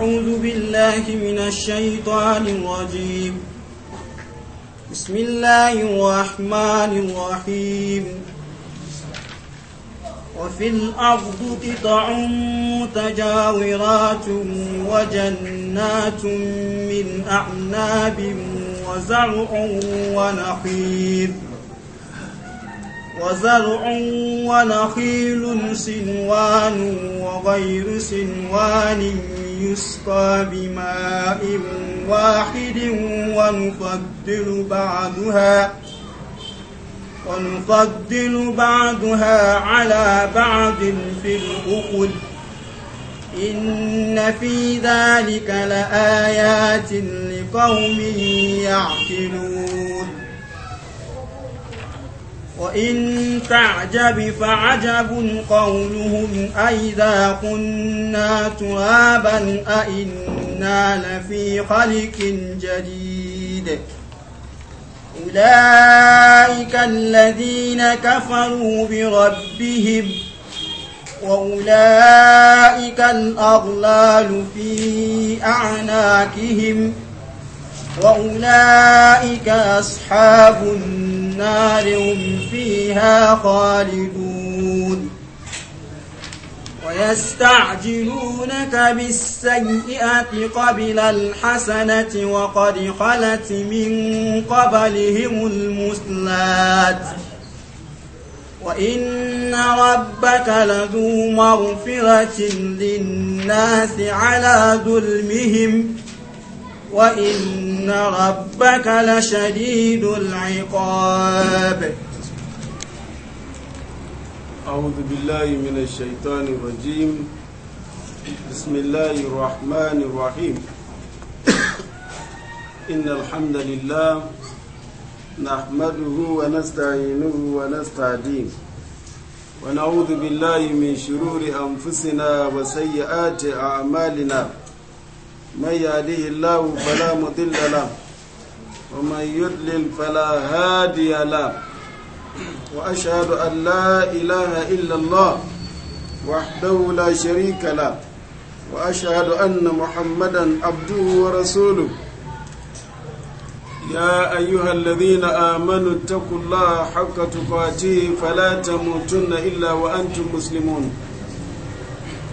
أعوذ بالله من الشيطان الرجيم بسم الله الرحمن الرحيم وفي الأرض قطع متجاورات وجنات من أعناب وزرع ونخيل وزرع ونخيل سنوان وغير سنوان يسقى بماء واحد ونفضل بعضها ونفضل بعضها على بعض في الأخد إن في ذلك لآيات لقوم يعقلون وإن تعجب فعجب قولهم أئذا كنا ترابا أئنا لفي خلق جديد أولئك الذين كفروا بربهم وأولئك الأغلال في أعناكهم وأولئك أصحاب النار نار هم فيها خالدون ويستعجلونك بالسيئة قبل الحسنة وقد خلت من قبلهم المثلات وإن ربك لذو مغفرة للناس على ظلمهم وإن ربك لشديد العقاب أعوذ بالله من الشيطان الرجيم بسم الله الرحمن الرحيم إن الحمد لله نحمده ونستعينه ونستهديه ونعوذ بالله من شرور أنفسنا وسيئات أعمالنا من يهده الله فلا مضل له ومن يضلل فلا هادي له وأشهد أن لا إله إلا الله وحده لا شريك له وأشهد أن محمدا عبده ورسوله يا أيها الذين آمنوا اتقوا الله حق تقاته فلا تموتن إلا وأنتم مسلمون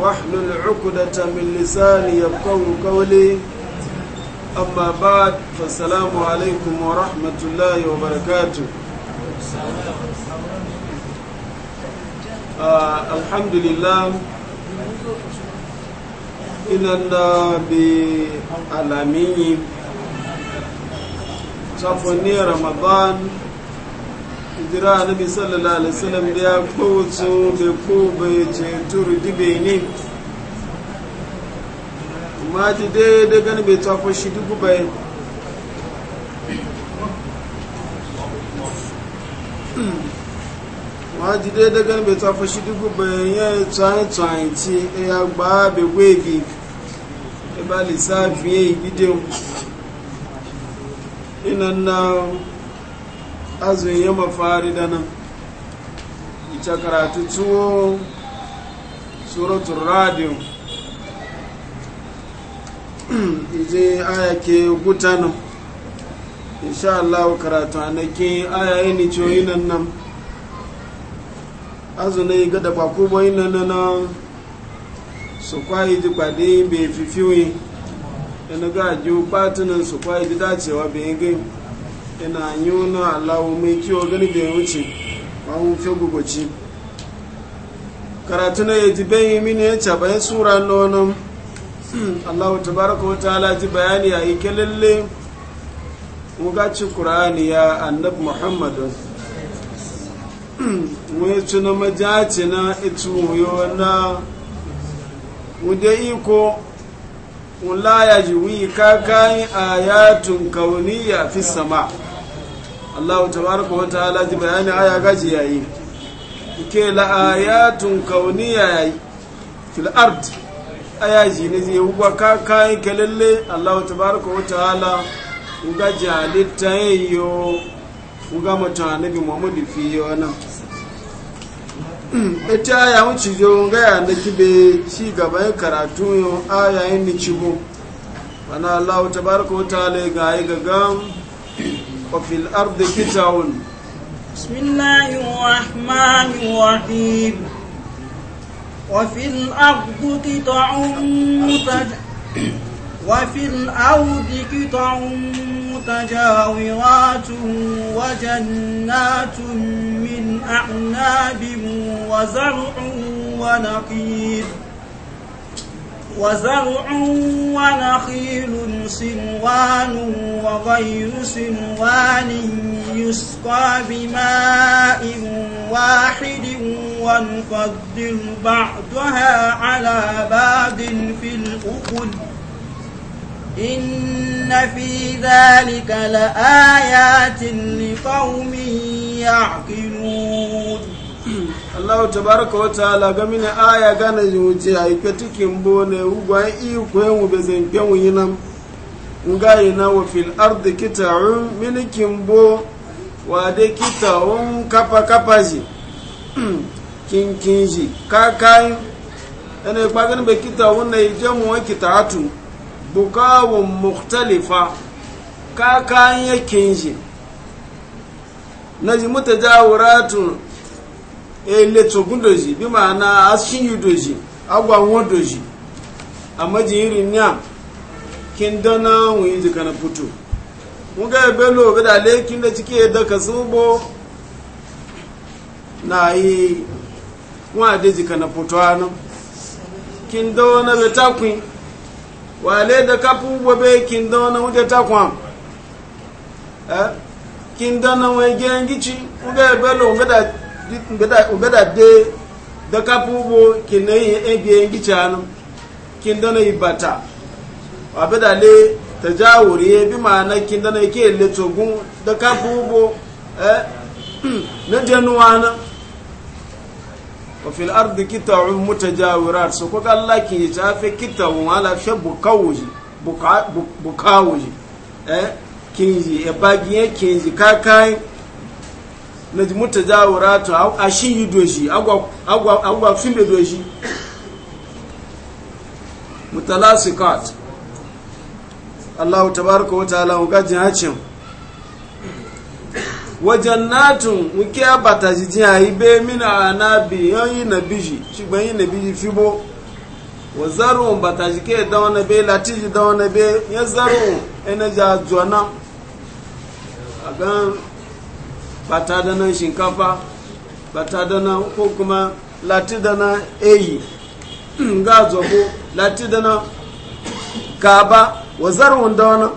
واحلل عقدة من لساني يفقه قولي أما بعد فالسلام عليكم ورحمة الله وبركاته آه الحمد لله inanda bi alamini safoni ramadan hijira annabi sallallahu alaihi wasallam da ya kawo bai ko bai ce turu dibe ne ma ti dai da gani bai tafi shi dubu bai ma ti dai da gani bai tafi shi dubu bai ya tsaye tsaye ci ya gba bai gwegi ba lissafi ya yi bidiyo inan na azumin ya mafari da nan ita karatu tuwo suratun radio ije aya ke guta nan insha Allah karatu anake aya yi ni coyi nan nan azumin yi gada bakubo yi nan nan su kwayi ji kwade bai fifiwe yana ga ji patunan su kwayi ji dacewa bai gai ina wani alawo mai kiwo gani da ya wuce ba mun fi gugoci karatu na yaji yi mini ya caba ya sura nonon hmm, allahu tabaraka wa ta'ala bayani a ike lalle mugaci kur'ani ya annabi muhammadu hmm, wani tuna majaci na itu yo na wude iko wula ya ji ka kakayin ayatun kauniya fi sama allahu tabaraka wa ta'ala ji bayani aya gaji yayi ke la ayatun kauniya yayi fil ard aya ji ne je wuwa kakayin kalalle allahu tabaraka wa ta'ala uga jalitta yayo uga mutane bi muhammadu fi yana ita ya wuce jo gaya na kibe ci gaban karatu yau a yayin ni cibo mana allahu tabaraka wa ta'ala ga yi gagan wa fil ardi kitawun bismillahi rahmanir rahim wa fil ardi kitawun mutaj wa fil ardi kitawun متجاورات وجنات من أعناب وزرع ونخيل وزرع ونخيل صنوان وغير صنوان يسقى بماء واحد ونفضل بعضها على بعض في الأكل إن في ذلك لآيات لقوم يعقلون Allah tabaraka wa ta'ala gamin aya gane yuce ai katikin bone ugwa iyu ko yan ube zanke yinam nga ina wa fil ard kita'un min kimbo wa de kita'un kapa kapa ji kinkin ji kakai ene pagan be kita'un ne jamu kitatu wa bukawun muktalifa kakan yakin shi na ji muta jawaratun eletogun eh, doji bi ma'ana ashin yi doji agwawon doji a majiyirin ya kin dana wuyi jika na fito muka ebe lo bi da lekin da cike da ka na yi wa da jika na fito hannun kin dana wale da kafu bobe kinda na wuje takwa eh kinda na wege ngichi uga belo da ngada da de da kafu bo kinai ege ngichi anu kinda na ibata da le tajawuri bi ma'ana kinda na ke le togun da kafu bo eh na na wafil ardi kitawun mutajawirat su kuka Allah ki ta fi kitawun ala fi bukawuji bukawuji eh kinji e bagiye kinji kakai na ji mutajawirat a shi yi doji agwa agwa agwa fin da doji mutalasikat Allah tabaraka wa ta'ala ga jihacin wajannatun muke abata jiji a ibe mina anabi yan yi na biji ṣùgbọ́n yi na biji fibo wa zarun bata jike da wani be lati ji da wani be ya zarun ina ja jona a gan bata da nan shinkafa bata da nan ko kuma lati da nan eyi ga zobo lati da nan kaba wa zarun da wani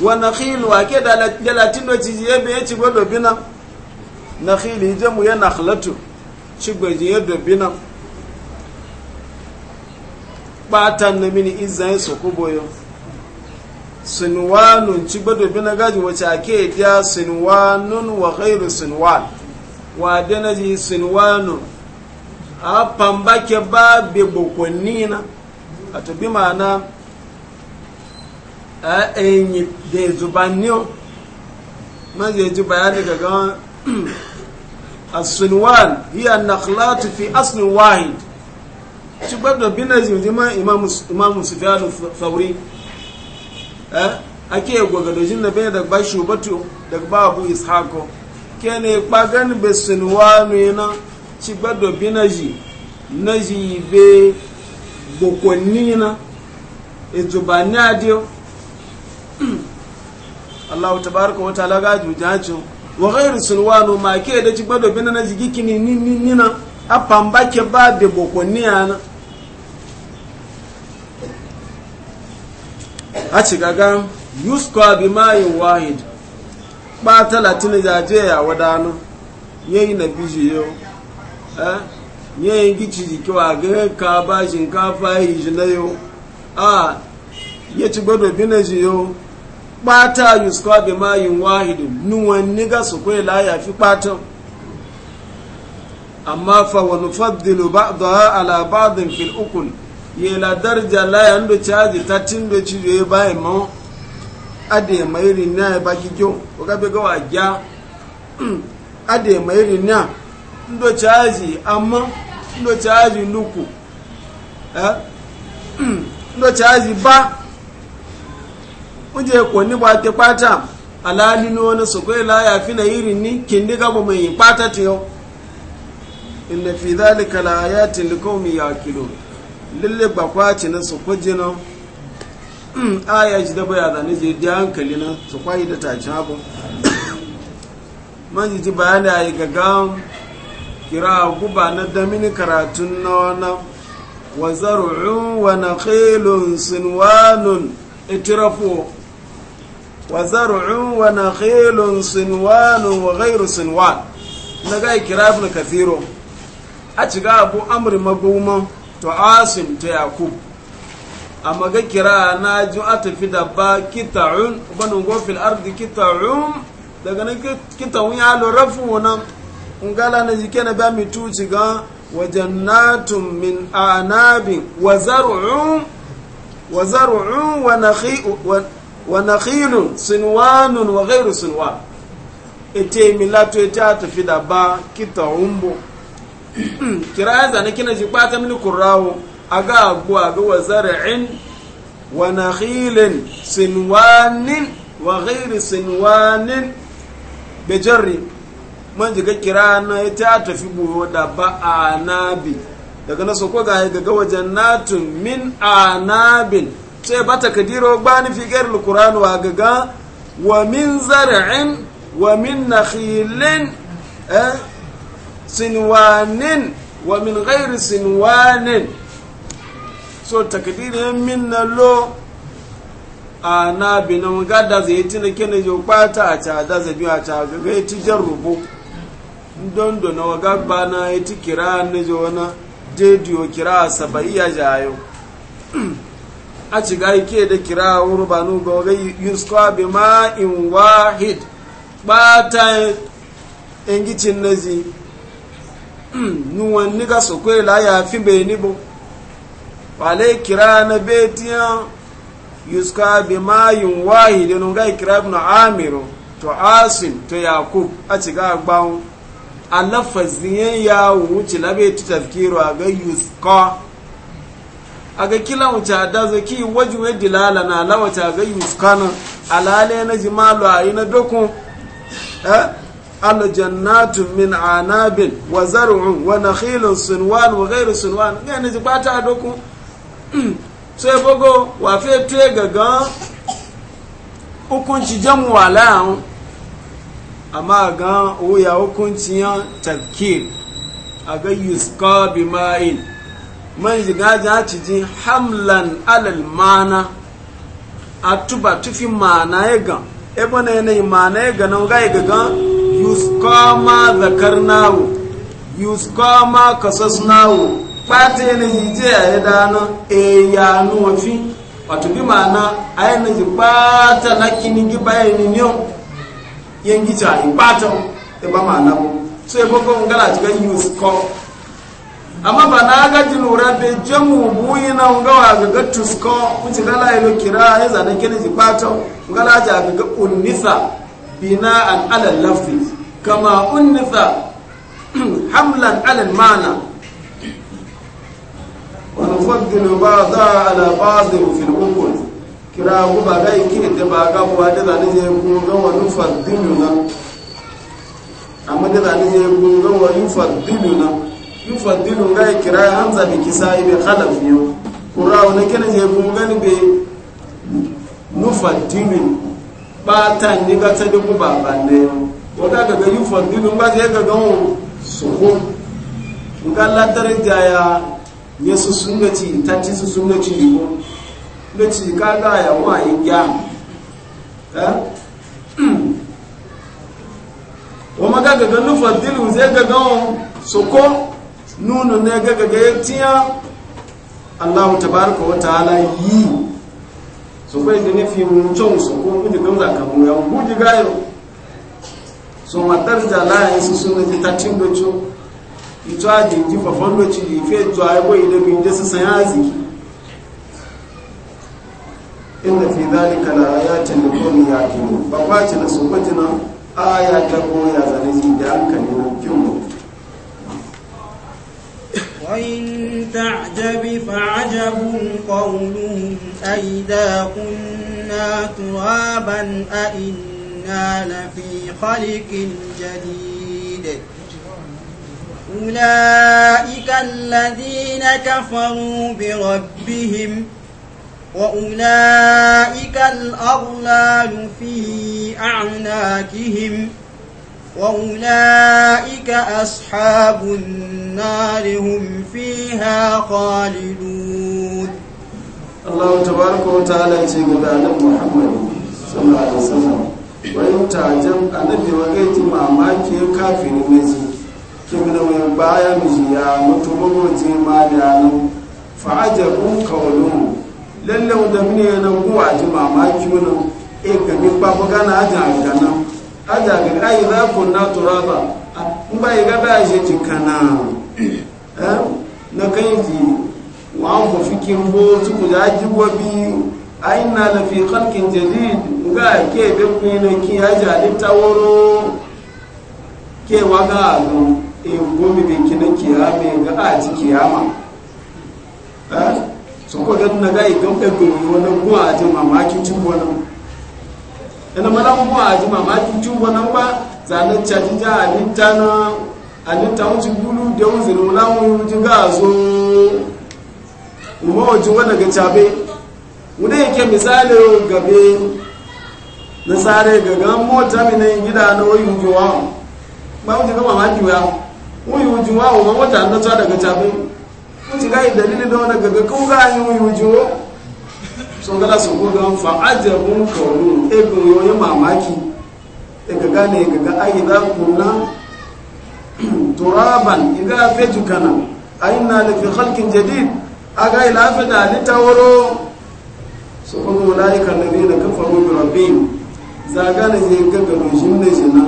wa nakhil wa ke da latin do ci ye be ci godo bina nakhil je mu ya nakhlatu ci gbe ye do bina na mini izan so ko boyo sinwanun ci gbe do bina gaji wace ake dia sinwanu wa ghairu sinwan wa dana ji sinwanun a pambake ba be na. ato bi ma'ana a enyi da zubanniyo man zai ji bayani daga asunwan iya nakhlatu fi asnin wahid ci gbogbo bina zimzima imamu sufiyanu fauri ake gwagadojin da bai da ba shubatu ba abu ishako ke ne kpagan be sunwanu yana ci gbogbo bina ji na ji be gbokonni na ejubani adiyo Allah ta baraka wata laga jujancin wa ghairu sulwanu ma ke da ci gbado bin na jigi kini ni ni ni na apamba ke ba de bokoni ana a ci gaga yusko bi ma'in wahid ba talatin jaje ya wadanu yayi na biji yo eh yayi gici jiki wa ga ka ba shinkafa yi jinayo a ya ci gbado bin na jiyo pata yusufa bi mayin wahidu nuwan niga su la ya fi kpata amma fa wani faddilu ba da ala badin fil ukul ye la darja la ya ndo caji ta tindo ci yo ye bayan ma ade mairi na ya baki kyo o ka be wa ja ade mairi na ndo caji amma ndo caji luku eh? ndo caji ba wuje kwanni ba ke pata alali no wani su kai la ya fi na irin ni kin diga ba mai pata ta yau inna fi dhalika la ayatin ya kilo lalle ba kwaci na su kuje na hmm, aya ji da baya da nije da hankali na su kwai da tacin abu man ji ji bayani ayi gaga kira guba na damini karatun na wannan wa zar'un wa nakhilun sinwanun e itrafu wa zar'un wa nakhilun sinwanun wa ghairu sinwan na ga kira ibn kathiro a ciga abu amr maguma to asim to yakub amma ga kira na ju atafi da ba kita'un banu go fil ardi kita'un daga nan kita'un ya lo rafu nan ngala na na ba mi tuci ga wa jannatun min anabin wa zar'un wa zar'un wa nakhi'un wa nakhilun sinwanun wa ghairu ete milatu ete atafi da ba kita umbo kiraya zane kina ji kpata mini kurrawo aga agbo aga wa zar'in wa nakhilin sinwanin wa ghairu sinwanin bejarri man jiga kira na ete atafi buho da ba anabi daga nasu ko ga ga wajen natun min anabin sai ba takadiro gbani figar alquran wa gaga wa min zar'in wa min nakhilin eh, sinwanin wa min ghairi sinwanin so takadirin min na lo a na binan gada zai tina kene yi kwata a ca da zabi a ca gaga ya ci jan rubu don dona wa gaba na ya ci kira na jo na jediyo kira a saba'i ya jayo a ci ga da kira wuri ba nu ga yuskwa bi ma in wahid ba ta ingicin na zi nuwan niga su kwe ya fi bai ni wale kira na betiya yuskwa bi ma in wahid yanu ga kira ibn amiru to asin to yakub a ci ga gbawon a lafaziyen ya wuce labe ta tafkiru a ga yuskwa aga kila wuce da zaki waju ya dilala na la wace ga yuskana alale na jimalu a yi na dokun eh? jannatu min anabin wa zar'un wa nakhilun sunwan wa ghayru sunwan ga ne ji bata dokun sai bogo wa fe tuye gaga ci jamu wala an amma ga ci hukuncin tafkir aga yuska bi man jiga za ci ji hamlan alal mana a tuba tufi mana ya gan ebe na yanayi mana ya ganan ga ga gan yusko ma zakar nawo yusko ma kasas nawo ɓata yanayi je a yi dana e ya nuwafi wato bi mana a yanayi ɓata na kini gi bayani yau yangi ca yi ɓata e ba mana bu so ebe ko ngala ci gan yusko amma ba na gaji lura be jamu buyi na ngawa ga ga tusko kuci gala ilo kira ya zana kene ji pato ngala ja ga ga bina an ala lafzi kama unnisa hamlan ala mana wa nufaddilu ba'dha ala ba'd fi al-ukul kira ku ba ga yake da ba ga ba da zani je ku ga wa nufaddilu na amma da zani je ku ga wa nufaddilu na yufaddilu ngai kira hamza bi kisai bi khalaf yo kurawo ne kene je bu be nufaddilu ba ta ni ga ta baba ne da ga yufaddilu ba je ga gawo suku ngalla daraja ya yesu sunnaci tanti su ko nace ka ga ya wa yin ya eh o maga ga nufaddilu zai ga gawo suku nuna ne gaga ga yatiya Allahu tabaraka wa ta'ala yi so bai da ne mun ko mun diga za ka ya mun gayo so matar da su sun yi ta tin docho ito a ji ji fa fon docho yi fe to ai da bin da su san ziki inda fi ya ce ayatin li ya yaqilun ba kwace na so kwace na aya ta ko ya zane zi da hankali na kin وإن تعجب فعجب قولهم أئذا كنا ترابا أئنا لفي خلق جديد أولئك الذين كفروا بربهم وأولئك الأغلال في أعناقهم ۖ وأولئك أصحاب النار هم فيها خالدون الله تبارك وتعالى يقول عن محمد صلى الله عليه وسلم وإن تعجب النبي وقيت مع ما ماكي كافر مزي كبنا من بايا مجيا متبوغ جيما لعنو فعجبوا قولهم لو دمني أنا قوة جمع ماكي ونو إيه إيقا بابا كان أجعل كنو hata ga ai za ku na tụrụ in mba i e gaba shi ti kana eh. Eh? na e ji wa an ku fikin su ji wabi bi na na fi jadid ga ke be ku ne ha ya ja ta ke ga go e mi na ke ha mee ga aji ke ha ma eh so ga na ga i e ga ina mala mu a ji ki tu wannan ba zanen caji ja alinta na alinta wuce bulu da wuzin mulamu wuce ga zo umma wajen wanda ga cabe wanda yake misali gabe na sare gaga mota mina gida na wayu juwa ba wuce ga mamaki ba wayu juwa umma mota na tsada daga cabe wuce ga dalilin da wanda ga kun ga yi wayu juwa so gala su gugan fa'ajabun kaunu ebin yoyi mamaki daga gane daga ayi za kuna turaban iga fetu kana ayin na da fi halkin jadid aga ila fi da ni tawaro su kuma mala'ikan da ne da kafa rubin rabin zaga na je gaga rushin na jina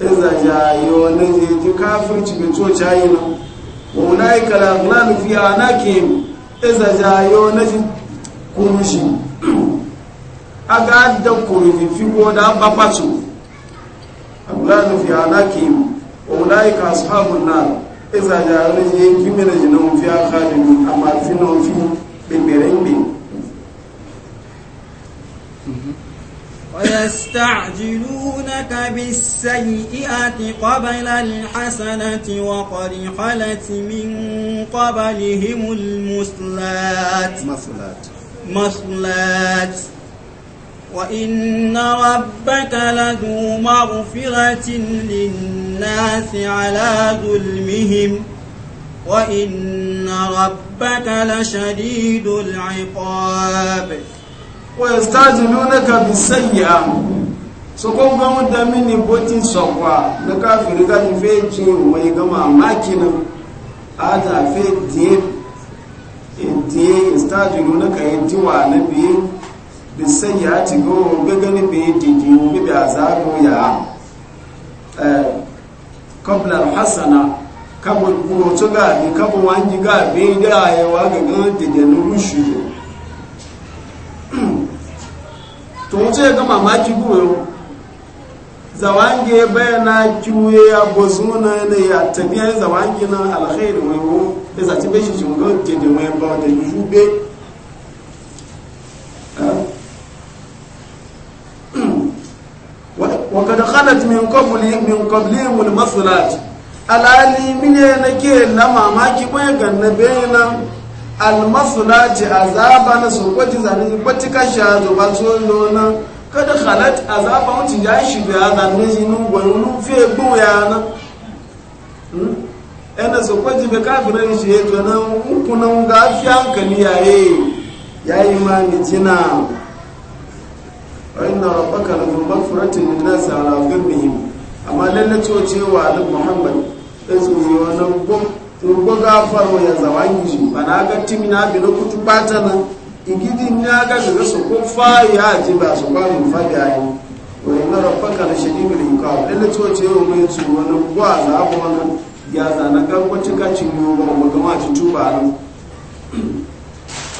iza jayo na je ji kafirci mai cocayi na wa mala'ikan da fi anaki iza jayo na ji kurushi aga da kurufi fiwo da babatu aulanu fi halakim ulaika ashabun nar iza jaruji kimina jinan fi khalidun amma finan fi bibirin bi ويستعجلونك بالسيئة قبل الحسنة وقد خلت من قبلهم المثلات مثلات وإن ربك لذو مغفرة للناس على ظلمهم وإن ربك لشديد العقاب ويستعجلونك بالسيئة sokon ga wadda mini botin sokwa na kafin ga fe ce mai gama makinin a ta fe diye intiye istajiru na kayi jiwa na biyu bi sai ya ci go gagani bi didi bi bi azabu ya eh ɛɛ al-hasana kabo ko to ga bi kabo da ya wa didi no to je ga mamaki go zawange bayana kiwe ya gozuna ne ya tabiya e zawange na alkhairi wewo eza tibe shi jungo tede we ba de yube wa kad khalat min qabli min qabli wal maslat alali mine ke na mamaki boye na bayana al maslat azaba na sokoti zani kwatika sha zo ba zo lona kada khalat azaba unti ya shi bi da ne shi nun gwai nun fiye gbun ya na yana hmm? su kwaji bai kafirin shi ya to nan hukunan gafi hankali yaye ya yi ma ni jina wa inna rabbaka la dhul maghfiratin lin nas ala dhulmihim amma lalle to cewa annabi muhammad sai su yi wannan gum to gafaro ya zawangi bana ga timina bi lokutu batana igidi nyaga ga su ko fa ya ji ba su ba mu fa da yi wani na rabbaka la shadidul iqab lalle to ce yau mai su wani kwa za ku wani ya zana ga kwaci kacin yo ba mu ga ma ci tuba nan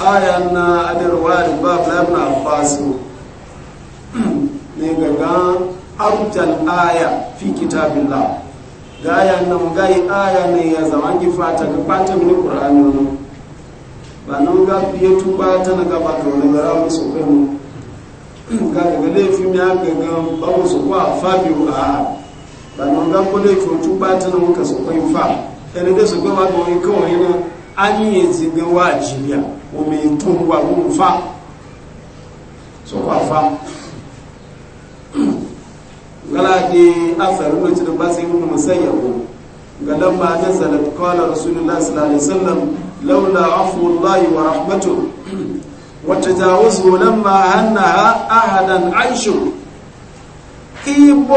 Aya na adarwa ba bab na abbas ne ga ga abtal aya fi kitabillah ga ayan nan ga aya ne ya zama ki fata ga fata min qur'ani ba nan ga biye tuba ta na gaba ka wani gara wani su kai mu ga daga laifin ya ga ga mu su ko fa fabiyu a a ba nan ga ko laifin tuba ta na muka su kai fa ɗan da su ma ga wani kawai na an yi yanzu ga wa jiriya o mai tun wa mu fa su ko fa gala ke asarin lokacin da ba sai mu musayyabu ga lamba nazalat qala rasulullahi sallallahu alaihi wasallam لولا عفو الله ورحمته وتجاوزه لما أنها أحدا عيشه ibo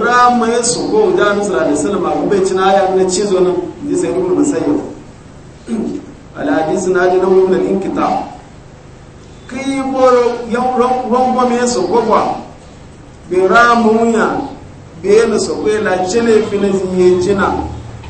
rama ya su ko da nusra da salama ko bai cin aya na cizo nan ji sai ibn musayyib al hadis ji da lawu min inkita kibo yan ron me su ko kwa bi ramunya na ko la fina jina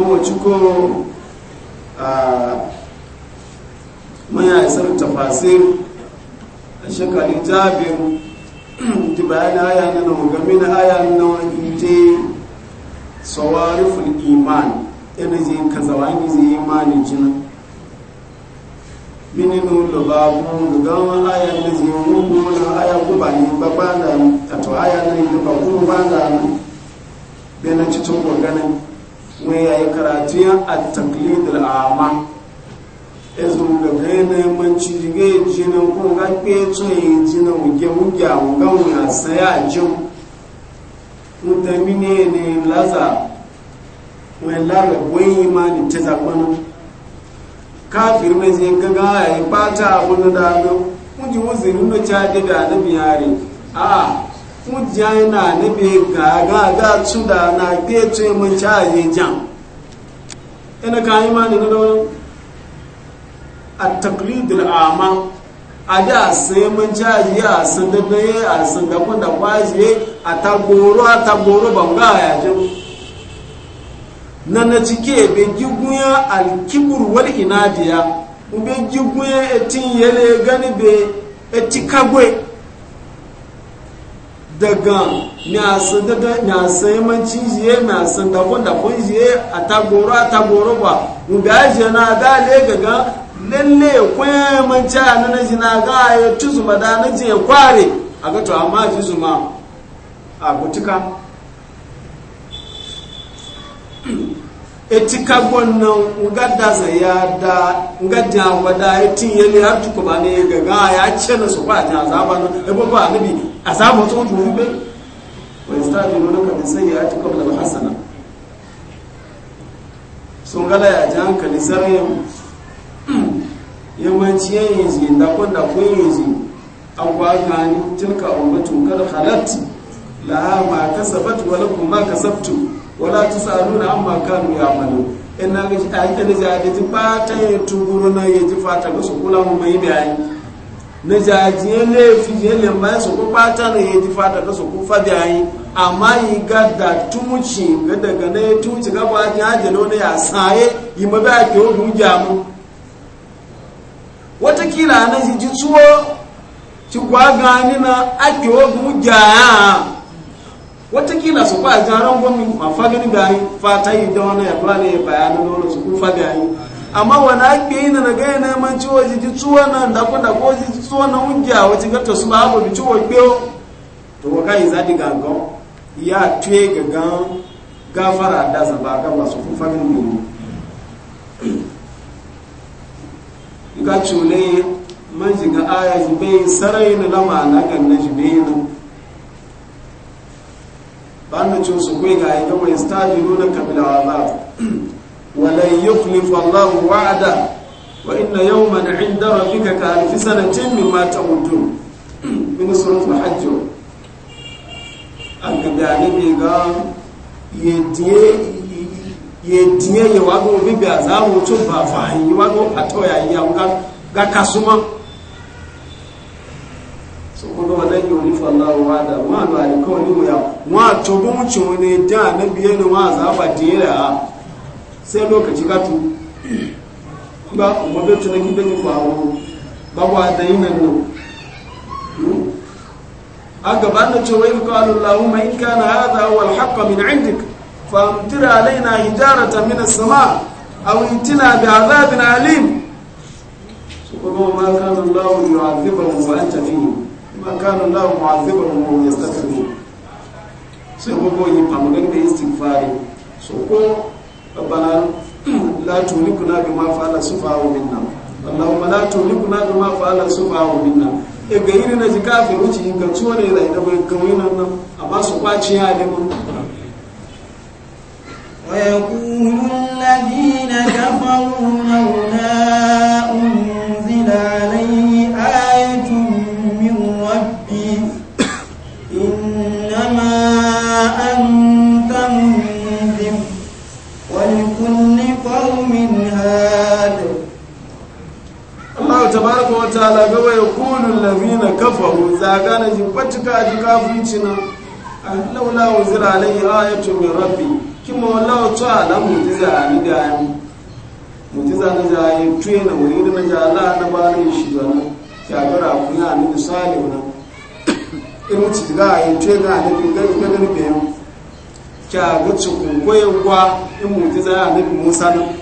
mamaci a maya isar tafasir a shekarun jabin ji bayan aya na na mugamin aya na ite sawarifin iman yana zai kazawa zawani zai imanin jina mininu lulabun gama aya na zai mugu na aya kuma ne babba da tato aya na yi guba guba da na ganin cikin ganin mai ya yi karatu yan a taklidar ama ezu ga gane manci jige jinan kun ga kpeto yi jinan wuge wuge a wugan wuna saya a jin mutamine ne laza mai lara yi ma ne ta zaɓana kafir mai zai gaga ya yi bata abin da ga kuji wuzirin da cadi da na biyari a mujayi na nabe gaga ga tsuda na ke tsaye mun caje jam ina ka yi mani na daunin a taklidul ama a da sai mun caje a sun daddaye a sun gabon da kwaje a tagoro a tagoro ban ga ya jin na na cike be gigunya alkibur wal inadiya be gigunya etin yele gani be etikagwe daga nyasan daga nyasan yamanci jiye ziye dafon dafon jiye a tagoro a tagoro ba mubi ajiye na ga gaga lalle kwen yamanci a nana ji na ga ya tuzu zuma da na ya kware a gato to amma ji zuma a gutuka etika gwannan ngadda zaya da ngadda ya etin ne har tukuma ne gaga ya ce na su ba ta zaba na e ba ba nabi azabu tó jù wani stafi nuna kan nisan ya ci kọ́bùlà bá hasana sun gala ya ji hankali sarrayin yawanci yi zi dakon dakon yin zi an kwaga ni tilka ummatun kada halat laha ma kasabat wala lakum ma kasabtu wala an amma kanu ya in ina ga shi yi ta ayyuka da ba fata ya tuguru na ji fata ga su kula mu mai bayani na jajiyan laifin yin limbayin su kuma na ya ji fata ka su kun amma ga ga daga na ya tumuci ga ba ya jalo na ya saye yi ma ba ke watakila na ji ji tuwo ci kwa gani ya watakila fata ba amma wani ake yi na daga na man ciwo jiji ciwo na dako dako jiji ciwo na ungiya wace gata su ba abu bi ciwo biyo to ko kai zaɗi gangan ya tuye gangan gafara da zaba ga masu fufagin mu ga cule man jiga aya jibe sarai na lama na na jibe na ba na ciwo su kai ga ayyukan stajiru na kabila wa ba ولن يخلف الله وعده وإن يوما عند ربك كألف سنة مما تعودون من سورة الحج an ga annabi yediye ya wago bibi a zamu tun ba fahin yi wago a toya yi ya ga kasuma so kuma wannan yi Allah wa wada ma ga alikawar yi ya ma to bu ci wani dan annabi yana ma zaba da sai lokaci gatu ba kuma bai tuna gidan yi faru ba wa da yi mai nuna a gaba na cewa yi kawo lahumma in kana hada wal haqqa min indik fa amtira alaina hijarata min as-sama aw intina bi azabin alim kuma ma kana Allah yu'adhibuhum wa anta fihim ma kana mu mu'adhibuhum wa yastaghfirun sai kuma yi famagan da istighfari so ko ربنا لا تهلكنا بما فعل السفهاء منا اللهم لا تهلكنا بما فعل السفهاء منا اغيري نجي كافر وجي ان kafin wuce in ganci wani yana idan bai kawai nan nan ويقول الذين كفروا لولا alladhina kafaru zaga na ji patuka ji kafirci na laula uzira alayhi ayatu min rabbi kima wallahu ta'ala mu'jiza ni da ayi mu'jiza na jayi tuye na wuri na jala na ba ne shi zana shagara kun ya ni salihu na irin ci ga ayi tuye ga ni ga ga ga ni be ya ga ci kun koyarwa in mu'jiza ya ni Musa na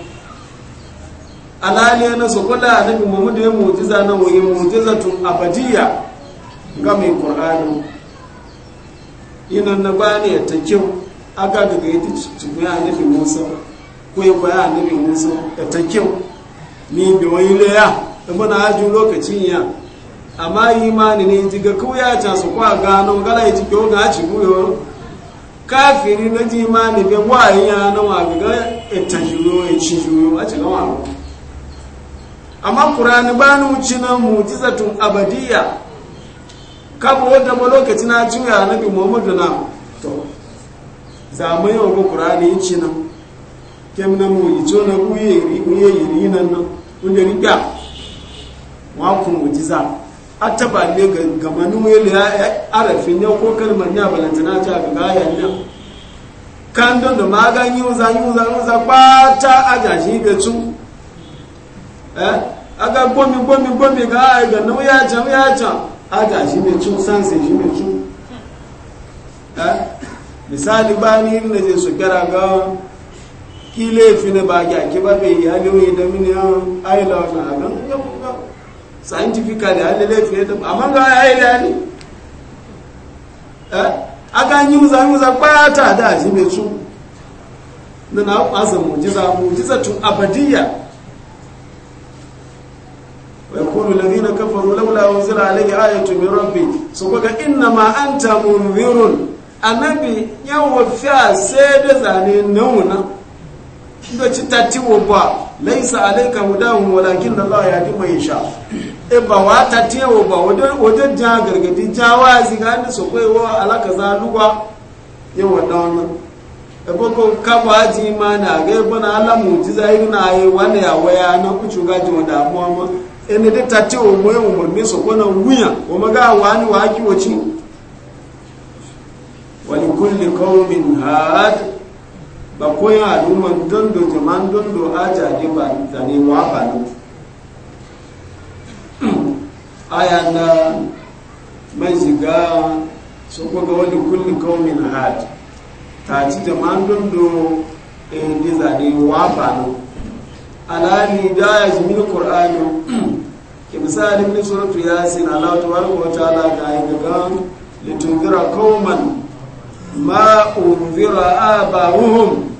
alaliya na sokola annabi da ya mu'jiza na wa tun abadiyya ga mai qur'ani ina na bani ta kyau aga daga ta cikin nufi musa ko ya kwaya nufin musa ta kyau ni bi wani laya da muna hajji lokacin ya amma mani ne ji ga kawai ta su kwa gano gala ya cikin ga haci guyo kafiri na ji imani bin wa'ayin ya nawa wa ga ga ta jiro ya ci jiro a cikin wani amma qur'ani ba ni wuce na mu'jizatun abadiyya kafin wadda ma lokaci na juya nabi muhammadu na to zama yau ga qur'ani yin ci nan kem na mu yi tona yi yiri nan nan wanda riga wa ku mu'jiza a taba ne ga gamanu ya arafin ne ko kalmar ya balantana ta ga gaya ne kan don da magan yi wuza yi wuza wuza ba ta ajashi ga cu eh aga gbomi gbomi gbomi ga a ga nan ya can ya can aga shi mai cin sansa shi mai cin eh? misali ba ni inda je su kera ga ki laifi ne ba ya ki ba bai ya lewe da mini yan aila wannan a gan yau ga scientifically hali laifi ne amma ga aila ne eh? aga yi muza muza kwata da shi mai cin na na asa mujiza mujiza tun abadiyya ويقول الذين كفروا لولا أنزل عليه آية من ربي سوكا إنما أنت منذر annabi yawafiya sai da zane nauna da ci ta ba laisa alayka hudahum walakin Allah ya di insha e ba wa ta ti wo ba ja gargadi ja wa ziga ni so ko alaka za lugwa yawa dawana e ba ko ka ba ji ma na ga bana ji mu'jiza na yi wani ya waya na kucu gaji wa mo ma ene de tati o mwe o mwe so kona wuya o maga wani wa aki wachi wali kulli qaumin had bakoya ko ya al'umma dondo aja de tani wa aya na so ga wali kulli qaumin had tati jamandondo dondo e de zani wa alani da ya ji mini qur'ani ke misali min suratu yasin Allah tabaraka wa ta'ala ga yi gaga litunzira qauman ma unzira abahum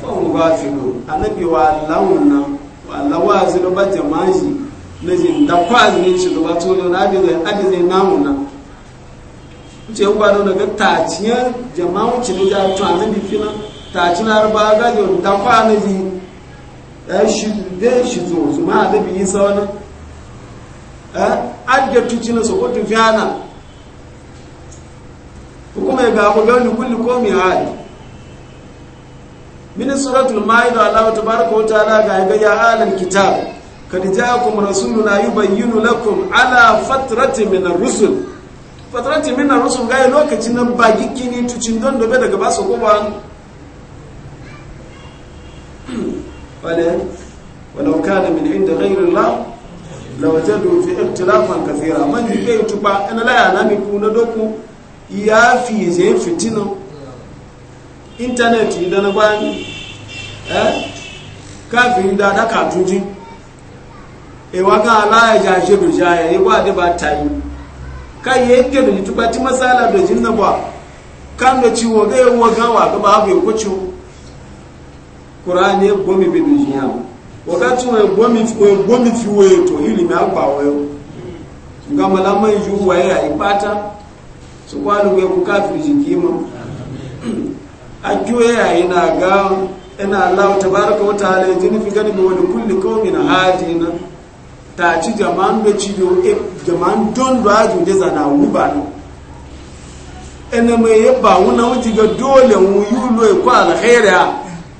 fa hum ghafilun annabi wa launa wa lawa do ba jama'i na jin da kwazi shi ba to na abi zai abi zai namuna ce ba da daga taciyar jama'u ci ne da to annabi fina taciyar ba ga da kwazi ɗan eh, shi zo su ma da biyi sauna adda tuci na su kotu fiyana hukuma ya ga abubuwan lukulli ko mai hali mini suratul ma'idu allahu tabaraka wata ala ga ga ya alal kitab kad ja'akum rasuluna yubayyinu lakum ala fatratin min ar-rusul fatratin min ar-rusul ga lokacin nan ba gikini tucin don dobe daga ba su ko wale walau kana min inda ghairu Allah la wajadu fi ikhtilafan kathira man bai tuba ana la yana mi kuna doku ya fi je fitina internet idan ba ni eh kafin da da ka tuji e wa ga ala ja je bi ja e wa de ba tayi kai yake da tuba ti masala da jinna ba kan da ciwo ga yawa ga wa ga ba ko ciwo kurani gomi bi dun jiyan wakati fi wo ilimi agba wọn nga malama yu waye ya ipata su kwanu bai ku kafin jiki mu a juye ina ga ina allah tabaraka wata ala jini fi gani wani kulli kawai e, na haji na ta ci jama'an da cibiyo don da hajji da zana wuba wuna wuce ga dole wuyu lo ikwa alkhairiya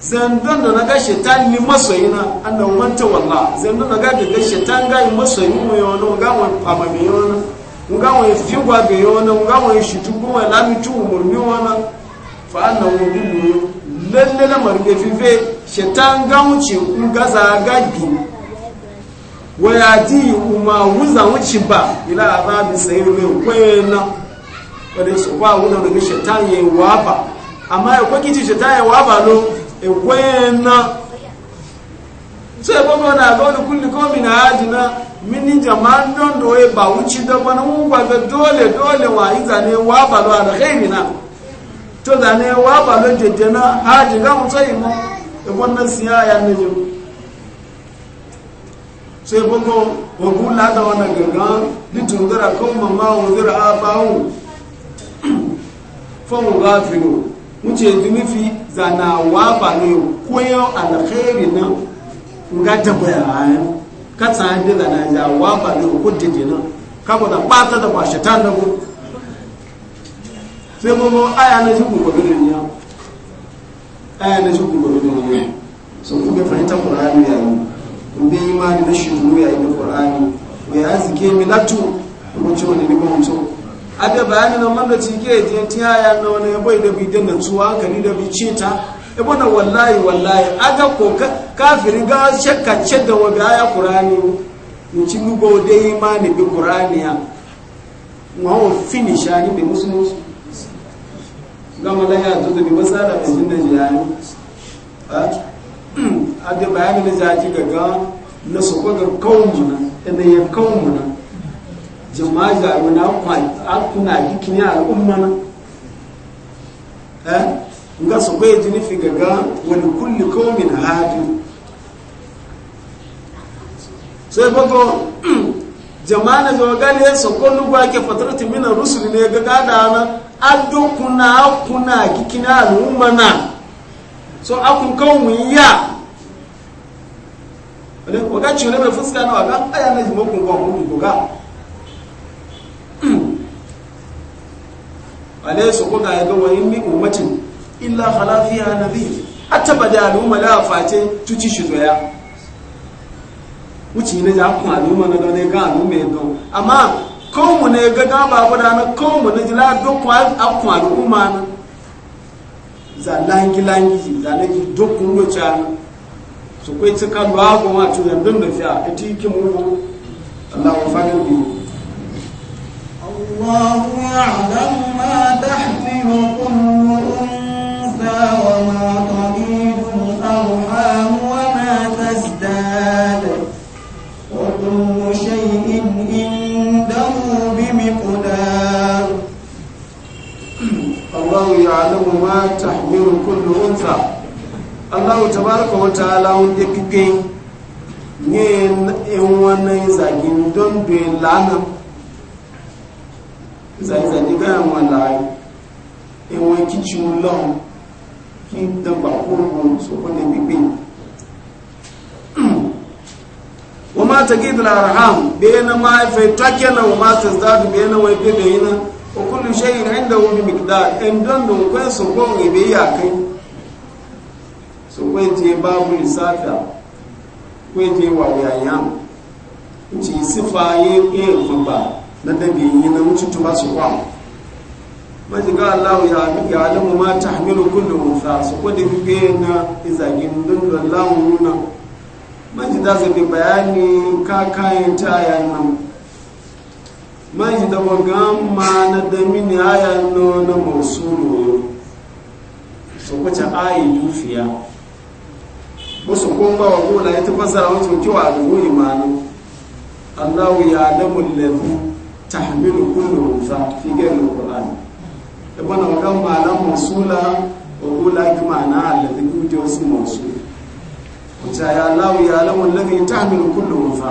zandon da na ga shetan ni masoyi na annan manta walla zandon da ga daga shetan ga yi masoyi mu yau na ga wani fama mai yau na ga wani figwa ga yau na ga wani shutu kuma lamitu umurmi wana fa annan mu gudu lalle na marge fife shetan ga wuce in gaza ga du waya ji uma wuza wuce ba ila azabi sayi mai kwayena wadda su ba wuda daga shetan ya yi wafa amma ya kwakici shetan ya wafa lo ekwena so ebono na agolu kulli komi na ajina mini jaman don do e ba wuci da bana mun gwa ga dole dole wa iza ne wa ba lo da khairi na to da ne wa ba lo jeje na haji ga mun sai mu e wannan siya ya ne jo so ebono wa kula da wannan gangan litundara kuma ma wuzira abahu fa mu gafiru wuce dumifi zana wa ne koyo alkhairi na nga ta ka tsan da zana ja wa ne ko dede na ka da pata da kwashe ta na sai aya na shukun gobe aya na so ku ga fahimta qur'ani ya yi ku bi imani na shukuru ya yi qur'ani ya azike milatu ku ce aga bayani na wanda cike je tiya ya na wani bai da bi dan tsuwa hankali da bi ta yabo na wallahi wallahi aga ko kafiri ga shakka ce da waga ya qur'ani mu ci mu go dai imani bi qur'ani ya mu hawo finish ani bi musulmi gama da ya zo da bi masala da jinna jiyani aga bayani da zaji gaga na su ko ga kawun mu ya da kawun jama'a jaru na kuna jikin ya al'umma na eh nga su kai jini fi gaga wani kulli komin hadu sai bago jama'a na jawagali ya sokon lugwa ke fatarti mina rusuli ne ga gada na ado kuna kuna jikin ya al'umma na so akun kawun ya wani wagacin wani mai fuska na wagan aya na jimakon kwa hudu goga ale su ko ga ga wani min ummatin illa khalafiya nabi hatta bada al'umma la face tuci shi zoya wuce ne ja kuma al'umma na da ga al'umma yadda amma ko mu ne ga ga babu da na ko mu ne jila dokun akun al'umma na zalangi langi zalangi za langi dokun locha su kai tuka ba ko ma tu dan da fiya eti kimu Allah wa fadin biyu والله أعلم ما تحمل كل أنثى وما تغيب الأرحام وما تزداد وكل شيء عنده بمقدار الله يعلم ما تحمل كل أنثى الله تبارك وتعالى يكفي ne in wannan zagin don bai lanar zanzani gaya wọn láàyè ẹwọn kíkí wọn lọ́hùn kí n dàgbà kúrò sọ́kọ́ ní gbígbé wọ́n máa tẹ̀kí ìdìlà àràhàn bẹ́ẹ̀ na máa fẹ́ tọ́kẹ́ na wọ́n máa tẹ̀ sáàdù bẹ́ẹ̀ na wọ́n ẹgbẹ́ bẹ́ẹ̀ na okulu ṣe yìí rẹ̀ ń dàwọn bí mìkìdá ẹ̀ndọ́n ló ń kọ́ ẹ̀ sọ́kọ́ ìbí yà kí sọ́kọ́ ẹ̀ ti bá wù kó ẹ̀ ti wa wù àyàn ń ti sífà yé ẹ̀ na yi na wucin tuba su kwa ga allahu ya alamu ma ta hamilu kullum musa su kudi fiye na izagin dundun lamun nuna majida su bi bayani kayan ta yayin nan maji da wagan ma na damini aya no na mausulu so kwace ayi dufiya musu kuma ba wa gola ya tafasa wajen kiwa da goyi ma'anu allahu ya damu lafu tahmilu kullu unsa fi ghayri alquran ibn magam malam musula wa qula mana alladhi yuti wasu mawsul wata ya lawu ya lamu alladhi tahmilu kullu unsa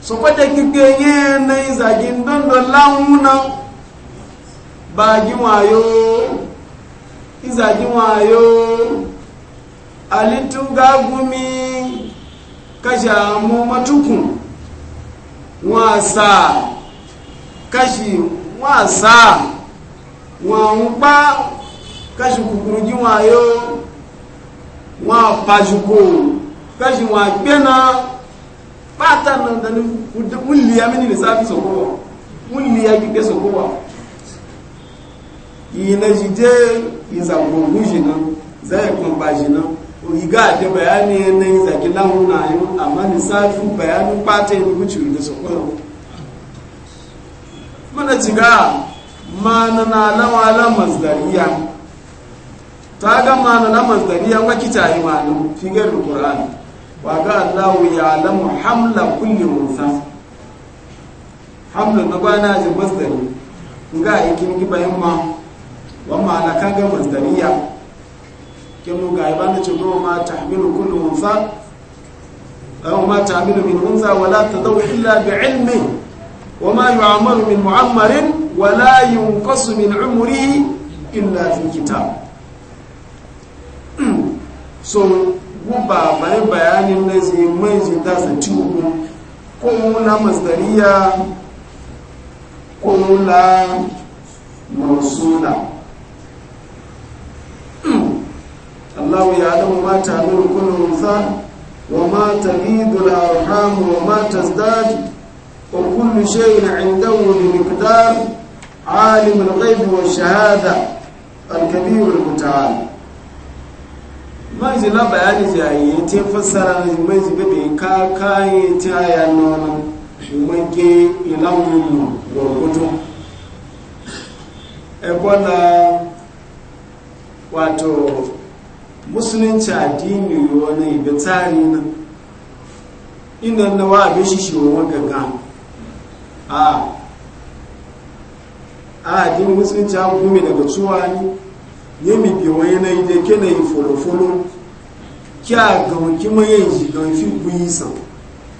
so kwata kigenye na izagin don don launa bagi wayo izagin wayo alitu gagumi kashamu matukun wọ́n sá káṣí wọ́n sá wọ́n ń pa káṣí kúkúrú jí wọ́n ayó wọ́n pàṣùkò káṣí wọ́n gbéná pátá náà dání wúlìyà mí nìyí sáfì iga da bayani na yi zaki lamu na yi amma nisafi bayanin pata yi rubuci da su kwayo mana jiga ma na na lawa la mazdariya ta ga ma na la mazdariya wa kita yi ma figar da qur'ani wa ga allahu ya lamu hamla kulli musa hamla na bana jin mazdari ga aikin gibayin ma wa ma na kaga mazdariya kemu ga ibana ce goma ma tahmilu kullu unsa aw eh, ma tahmilu min unsa wala tadaw illa bi ilmi wa ma yu'amalu min mu'ammarin wala yunqasu min umrihi illa fi kitab so guba bare bayanin da zai mai zai da sa ciwo ko na masdariya ko la mausula الله يعلم ما تعمل كل أنثى وما تغيض الأرحام وما تزداد وكل شيء عنده بمقدار عالم الغيب والشهادة الكبير المتعال manzi la bayani jayi tin fassara manzi bebe ka kai ta ya nono mange ilamu gogoto e bona wato musulunci addini wani da tsari na inda na wa abin shi shi wa a a addini musulunci an gumi daga tsuwa ne ya mi bi wani na ide ke na yi folofolo ki a ga wanki mai yin shi ga wafi guyi san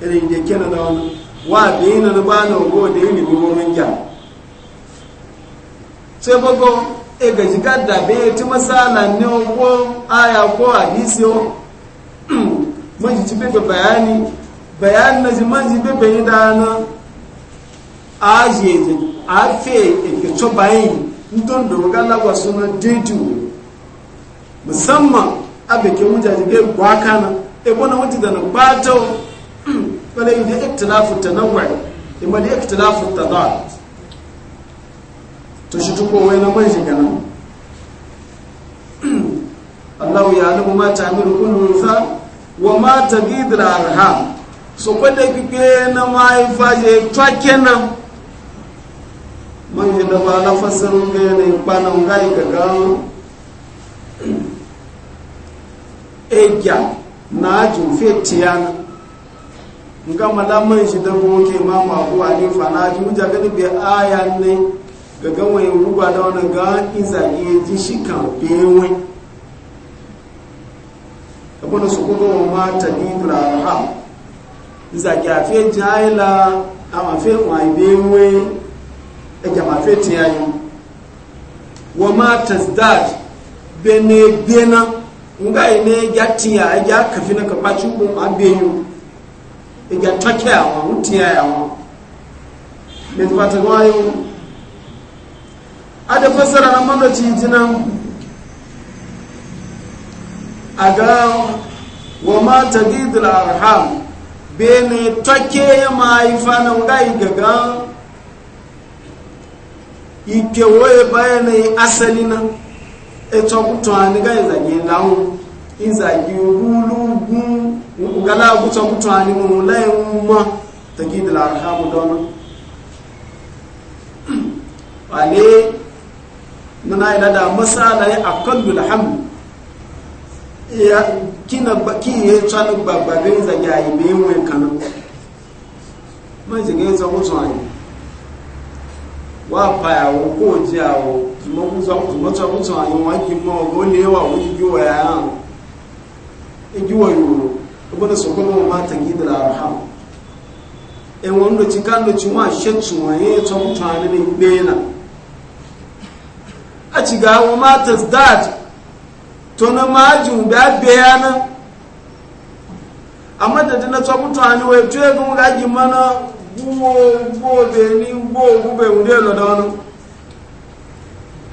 ina ide ke na na wani wa abin na na ba na ogo da yi ne bi wani gya sai bago Ega ga jiga da be ti n'a ne ko aya ko hadisi o mun ji tibe da bayani bayan na ji man ji be bayin da na a je je a fe e ke to bayin ndon do ga la wa suna dedu musamman abe ke mun jaji ke gwa kana e bona wuti da na bato wala yi da ikhtilafu tanawwu imma e da ikhtilafu tadad to shi tuko wai na mai shiga nan Allahu ya alimu ma ta'milu kullu unsa wa ma tabidu al-arham so da kike na mai faje twake nan mai da ba na fasarin ga yanayin kwanan gai ga gano egya na jufe tiyana nga malaman shi da boke ma mabuwa ne fa na juja gani bi aya ne ga wani yin ruba da wani ga iza iya ji shi kamfe wai abin su kuma wa mata ni turarha iza kyafe jahila a mafe waibe wai e a kyamafe tiyayi wa mata zdad bene bena nga ine ya e e tiya ya kafi na kabaci ko abeyu ya take awon tiya awon me ta ta gwayo a da fassara na mana cicinan a ga wa ma ta arham bene take ya mahaifa na ngai gaga ike waye bayan yi asali na eto ni ga izage lawo izage rulugun ngala gutan kutwani mu lai e ma didi arham don wale nana ila da masala ya akallu alhamdu ya kina ki ya tsanu babba ya yi be mu kana ma je ya za mu tsani wa pa wa ko je a wo mo ku za ku mo tsani tsani wa ki mo wa wo wa ya e ji wa da so ko mo ma tangi da arham e won ci kan do ci wa shetsu wa ye tsani tsani ne na a ci ga wa matas dat majin da biya nan amma da dina to mutu ani we to e gun gaji mana guwo guwo be ni guwo gube unde lo da wono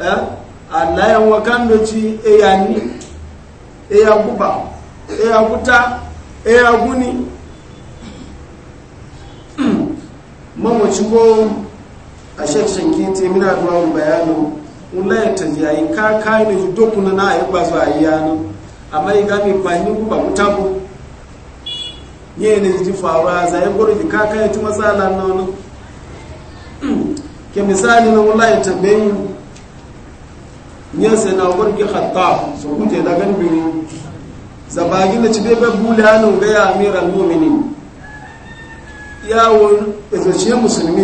eh Allah ya wakando ci e ya ni e ya guba eya ya guta e ya guni mamaci ko a shekshin kinti mina duwa bayanin ula ya tafiya yi kaka ne na kuna na ayi yi ba zuwa yi yana amma yi gami ba ni ku ba wuta ku ni yana ji faruwa za ya gwaro ji kaka ya ci matsala na wani ke misali na wula ya bai? yi sai na gwargi hatta su kuce da gani biyu zabagi na ci bai bule hannun ga ya amiran mominin yawon ezaciyar musulmi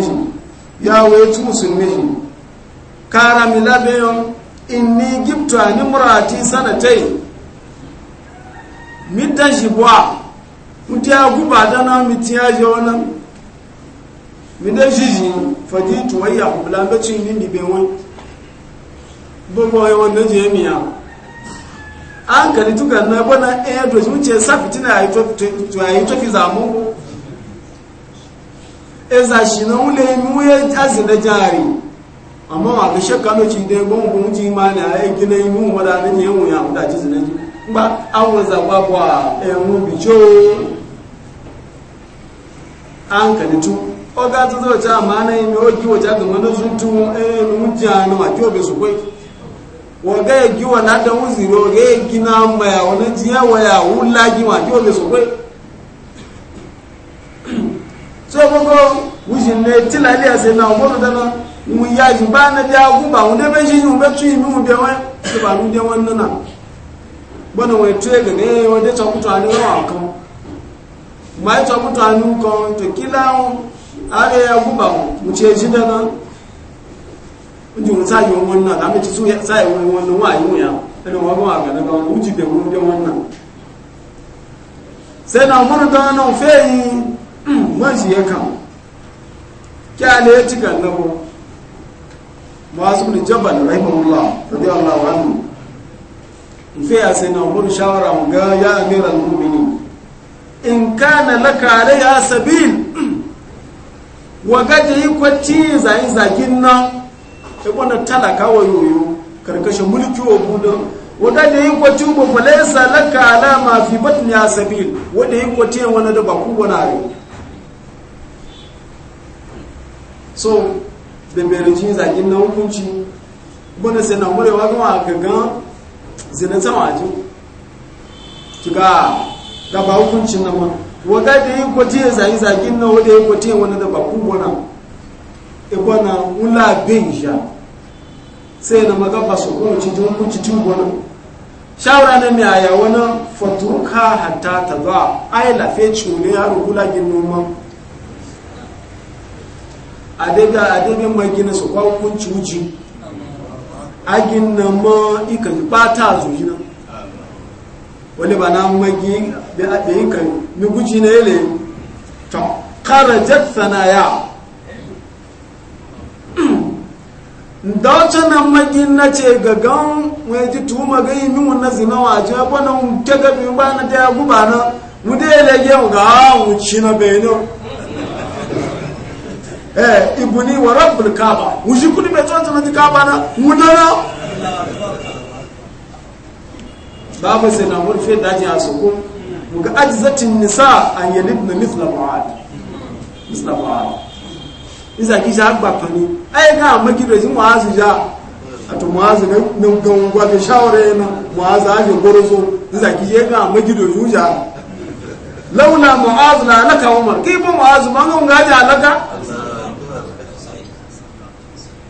yawon ya ci musulmi kara milabeyon inni gibtu ani murati sanatai midda jibwa mutiya guba dana mitiya jona midda jiji fadi tuwayya kubla bacin ni ni bewon gbogbo yawon na je miya an kari tuka na bana ɗaya eh, doji wuce sa fitina a yi tofi zamu eza shi na wule muye azina jari amma ma ga shakka no cin dai bon bon ma na ai gina yi mu wada ne ne mu ya mu da ji zina ji ba an wa za ba ba e an ka ni tu o ga tu zo cha ma na yi mi o ji wo cha ga ma no su tu e mu ji ma jo be su gi wa na da na ma ya wo ne ji ya wa ya la jo be su so mu ya yi ba na biya guba wunde bai shi mu bai tuyi mu biya wai su ba mu biya wani na bana wai tuye ga ne wanda ta mutu ani wa kan ma ta mutu ani kan to kila are ya guba mu ce shi da nan inji mu sai wannan na da mu ci su ya wani wannan wa yi mu ya da wa ba ga daga mu ji da mu biya wannan sai na mun da nan fe yi man shi ya kan kyale ya cika na mu'az ne jabal rahimahullah radiyallahu anhu nfe ya sai na mun shawara mu ga ya amir al-mu'minin in kana laka alayya sabil wa gaji kwacci zai zagin nan ta wanda talaka wa yoyo karkashin mulki wa budan wanda da yin kwacci ba falaisa laka ma fi batni ya sabil wanda yin kwacci wani da ba ku wani so bemberecin zagin na hukunci wanda sai na murewa gama gan zina sama ji kiga da ba hukuncin na ma waga da yi kwace ya zagi zagin na wadda ya kwace ya wani da babu kubona ikwana wula bin sha sai na maga ba su kuma ci hukunci kunci tun gona shawara na mai aya wani fatuka hatta ta zuwa ai lafe cune ya rugula gin noma adega adebe magina su kwakwun cuci agin na ma ikan bata zuji nan wani ba na magi da yin kan ni guji na yale ta jefa na ya wacce na magi na ce gagan wani ji tuma ga yi mimun na zina waje ba na ta gabi ba na ta ya guba na mu da yale yau ga wuci na benin Eh, ibuni wa rabbul kaaba wuji kudi be tsantsa na kaaba na mudana babu sai na murfe daji a suku muga ajzatin nisa an yalidna mithla mu'ad mithla mu'ad iza ki ja gba pani ai ga magido jin mu'azu ja ato mu'azu ne nan gangwa da shawara na mu'azu a aje gorozo iza ki je ga magido juja laula mu'azu la laka umar kai ba mu'azu ma ga ga laka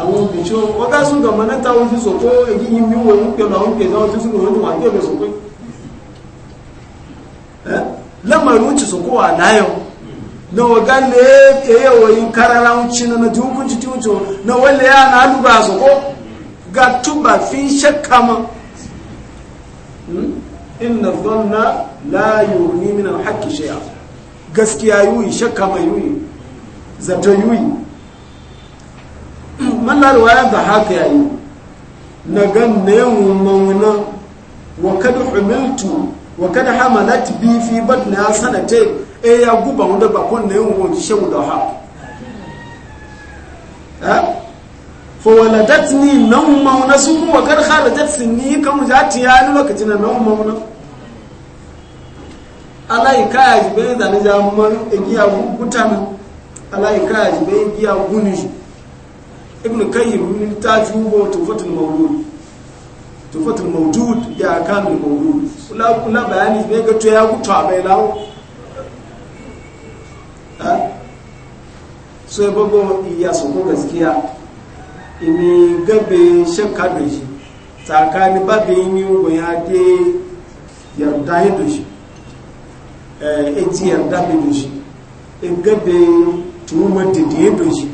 àwọn òkèṣọ́ ọgásùn gàmọ́ nẹ́ta wọn fi sọ̀kọ́ èyí yìí mi wọ̀ ń pè lọ àwọn òkèṣọ́ àwọn tuntun wọn wà ń pè lọ sọ̀kọ́ na ya yi wayin karara wuce na ji ti na wale ya na duba su ga tuba fi shakka ma hmm? inna zanna la yuni min alhaqi gaskiya yuyi shakka yuyi zato yuyi malla riwaya da haka yayi na gan ne mauna wa kad humiltu wa kad hamalat bi fi batni sanate e ya guba wanda ba kon ne wo shewu da ha ha eh? fa waladatni nan mauna su kuma kar kharajat sinni kan zati ya ni lokacin nan mauna alai kaya bai da ni jamu igiya e, gutana alai kaya bai igiya gunishi ibn kayyim min tajubo tufatul mawlud tufatul mawjud ya kamil mawlud kula kula bayani ne ga to ya gutu a bai lawo so ya bago iya su ko gaskiya imi gabe shakka da shi tsakanin babin yi wa ya ke yarda ya da shi eh, eti yarda bai da shi e gabe tuhumar da ya da shi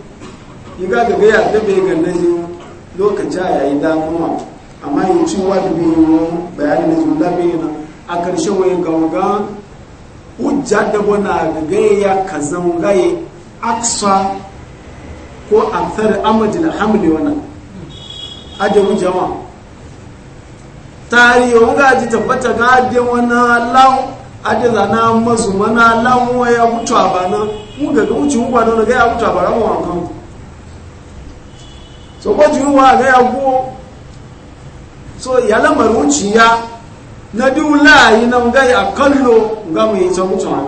iga ga gaya da bai ga nan lokacin a yayi damuwa amma yi ci wa da biyu bayani na jumla biyu a karshen wani gauga hujja da wana ga gaya ka zangaye aksa ko amsar amajin hamli wannan ajabun jama'a tarihi wanga ji tabbata ga adin wani lawo adila na mazu mana lawo ya mutu a bana wuga ga wuce wuga ba na ga mutu a bara mu wankan so ko juru wa ga yago so ya lamar ya na dula yi nan ga ya kallo ga mu yi ta mutuwa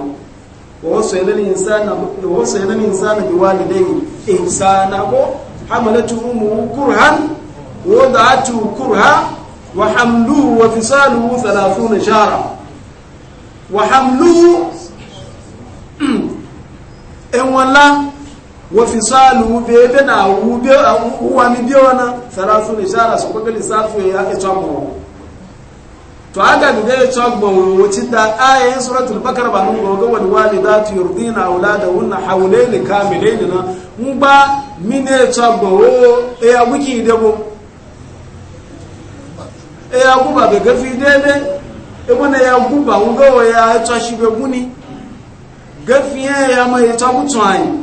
wa wasu yanar insana wa wasu yanar insana bi walidai insana ko hamalatu ummu kurhan wa da'atu kurha wa hamluhu wa fisaluhu 30 shahra wa hamluhu en wala wafisalu bebe na uwami biona salasu ni shara su kwaga lissafi ya yake cagbawo to aga ga ya cagbawo wacce da ayayin suratul bakar ba nun goga wani wani za ta yurdi na wula da wunna haule ne kamile ne na n ba mine cagbawo ya wiki dabo ya guba ga gafi daidai ibina ya guba wugawa ya tashi ga guni gafiye ya ma ta mutu hanyar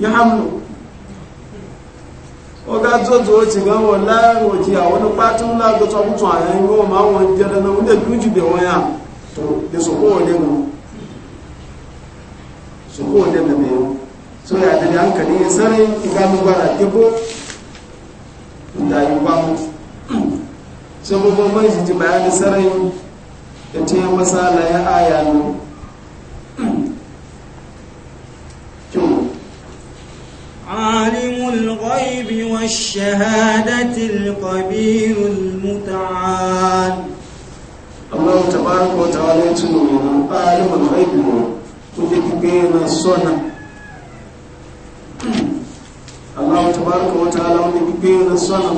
ga hamlu ọgá tó tó ti gan wọn láàrin òkè àwọn nípa tó ńlá tó tó kútù àyà ń gbọ́ máa wọn na won de lè de won ya to de so ko de lẹ́nu so ko de na me so ya da hankali ga mu bara gwara ibo da yi ba mu bo bo mai ba ya sarai e da ta yi masala ya aya no عالم الغيب والشهادة القبير المتعال الله تبارك وتعالى يتنوي عالم الغيب وتكبير الصنع الله تبارك وتعالى وتكبير الصنع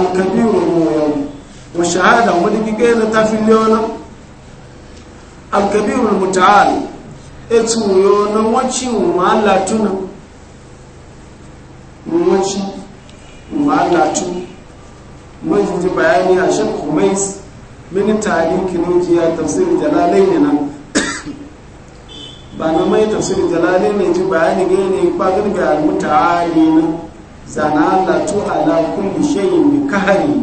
الكبير المتعال والشهادة وتكبير تفليون الكبير المتعال اتو yo na wacin wa mace ma'alatu majin ji bayani a shan kumais mini tarin kinokiya tafsirin jalalai ne nan ba na mai tafsirin jalalai ne ji bayani gani ne kwagar ga mutane nan zana latu ala kulli shayin bi kahari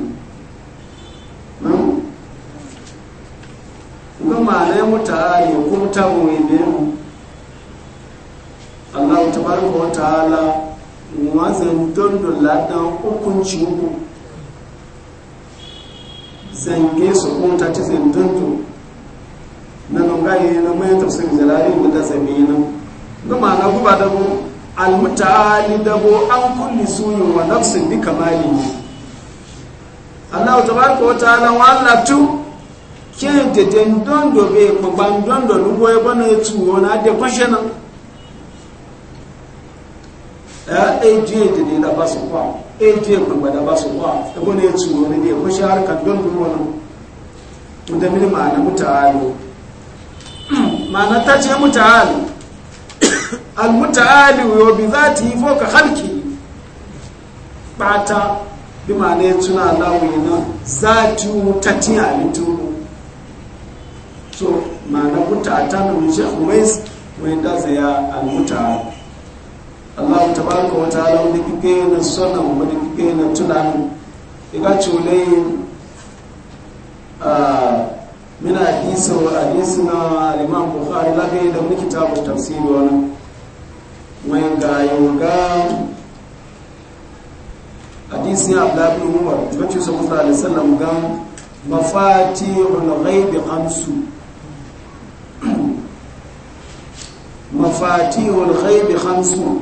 hmm? ga ma'anai mutane ko mutane ne Allah tabaraka wa ta'ala wazan la ladan hukunci uku zange su kunta ta zan dondo na nungaye na mai tafsir jalari mu da zamina na ma'ana guba da bu almutali da bu an kulli suyin wa nafsin bi kamali Allah tabaraka wa ta'ala wa Allah tu ke dede dondo be ko ban dondo lugo e bana tu wona de kwashena ejiye jide da ba su kwa ejiye kurba da ba su kwa ebo ne ci wani ne ko shi harkar don duk wani da mini ma'ana muta'alu ma'ana ta ce muta'alu al muta'alu yau bi za ta yi foka halki bata bi ma'ana ya tuna lawo yi na za ta yi a halittu so ma'ana mutata na mace umais wanda zai ya al muta'alu Allah tabaraka wata ala wani kike na sona wani kike na tunani iga cule a mina hadisa ah, wa hadisi na liman imam Bukhari la da muke tabu tafsiri wani mai ga yoga hadisi ya Abdullah ibn Umar wacce su Musa alaihi salam ga mafatihul mafati wani rai ghaib khamsu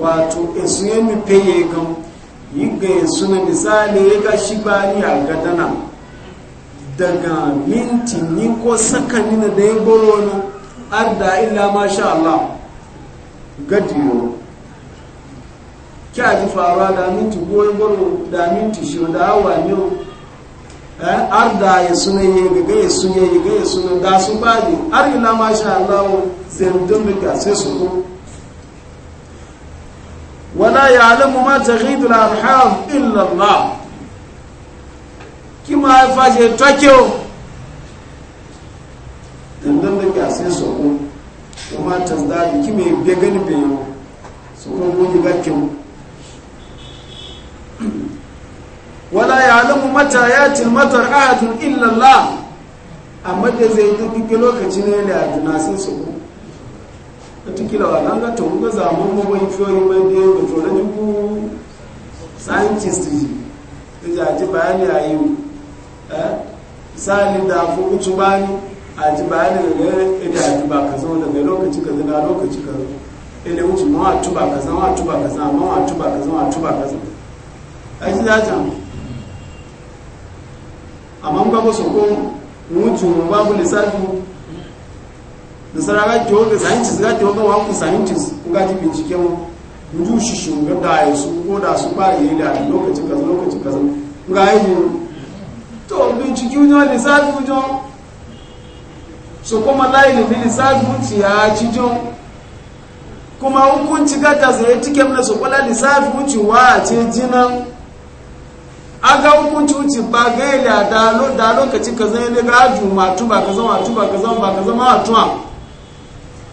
wato esu yi mi peye gan yi ga esu na misali ya ga shi ba ni a gadana daga minti ni ko sakani na da ya goro na adda illa ma sha Allah gadiyo kya ji faruwa da minti goyi goro da minti shi da awa ne eh, arda ya suna ya ga ya suna ya ga ya suna da su ba ne har illa ma sha Allah zai mutum da sai su kuma wala ya'lamu ma taghidu al-arham illa Allah kima faje tokyo dandan da ka sai so ko kuma tazdadi kime be gani be yo so ko mu ji gakken wala ya'lamu mata yati al-matar ahadun illa Allah amma da zai duk lokacin ne da dunasin so ko watakila wananga tonga za mambo waifyori mende wetona juku scientist ija aji bayani ayi eh misali da fu kutu bani aji bayani ne ida aji ba kaza wanda ga lokaci kaza na lokaci kaza ele wuce ma watu ba kaza watu ba kaza ma watu ba kaza watu ba kaza aji da jan amma ba so ko mutu ba bu nasara ga scientist ga scientist ga ji bincike mu ga su ko da su ba yi da lokaci lokaci ga yi to bincike ne ku jo so kuma lai ne ne sa ku ci ya ci jo kuma hukunci ga ta zai tike mu so kula wa ce jinan aga hukunci wuce ba gaila da lokaci ne ga tuba tuba ba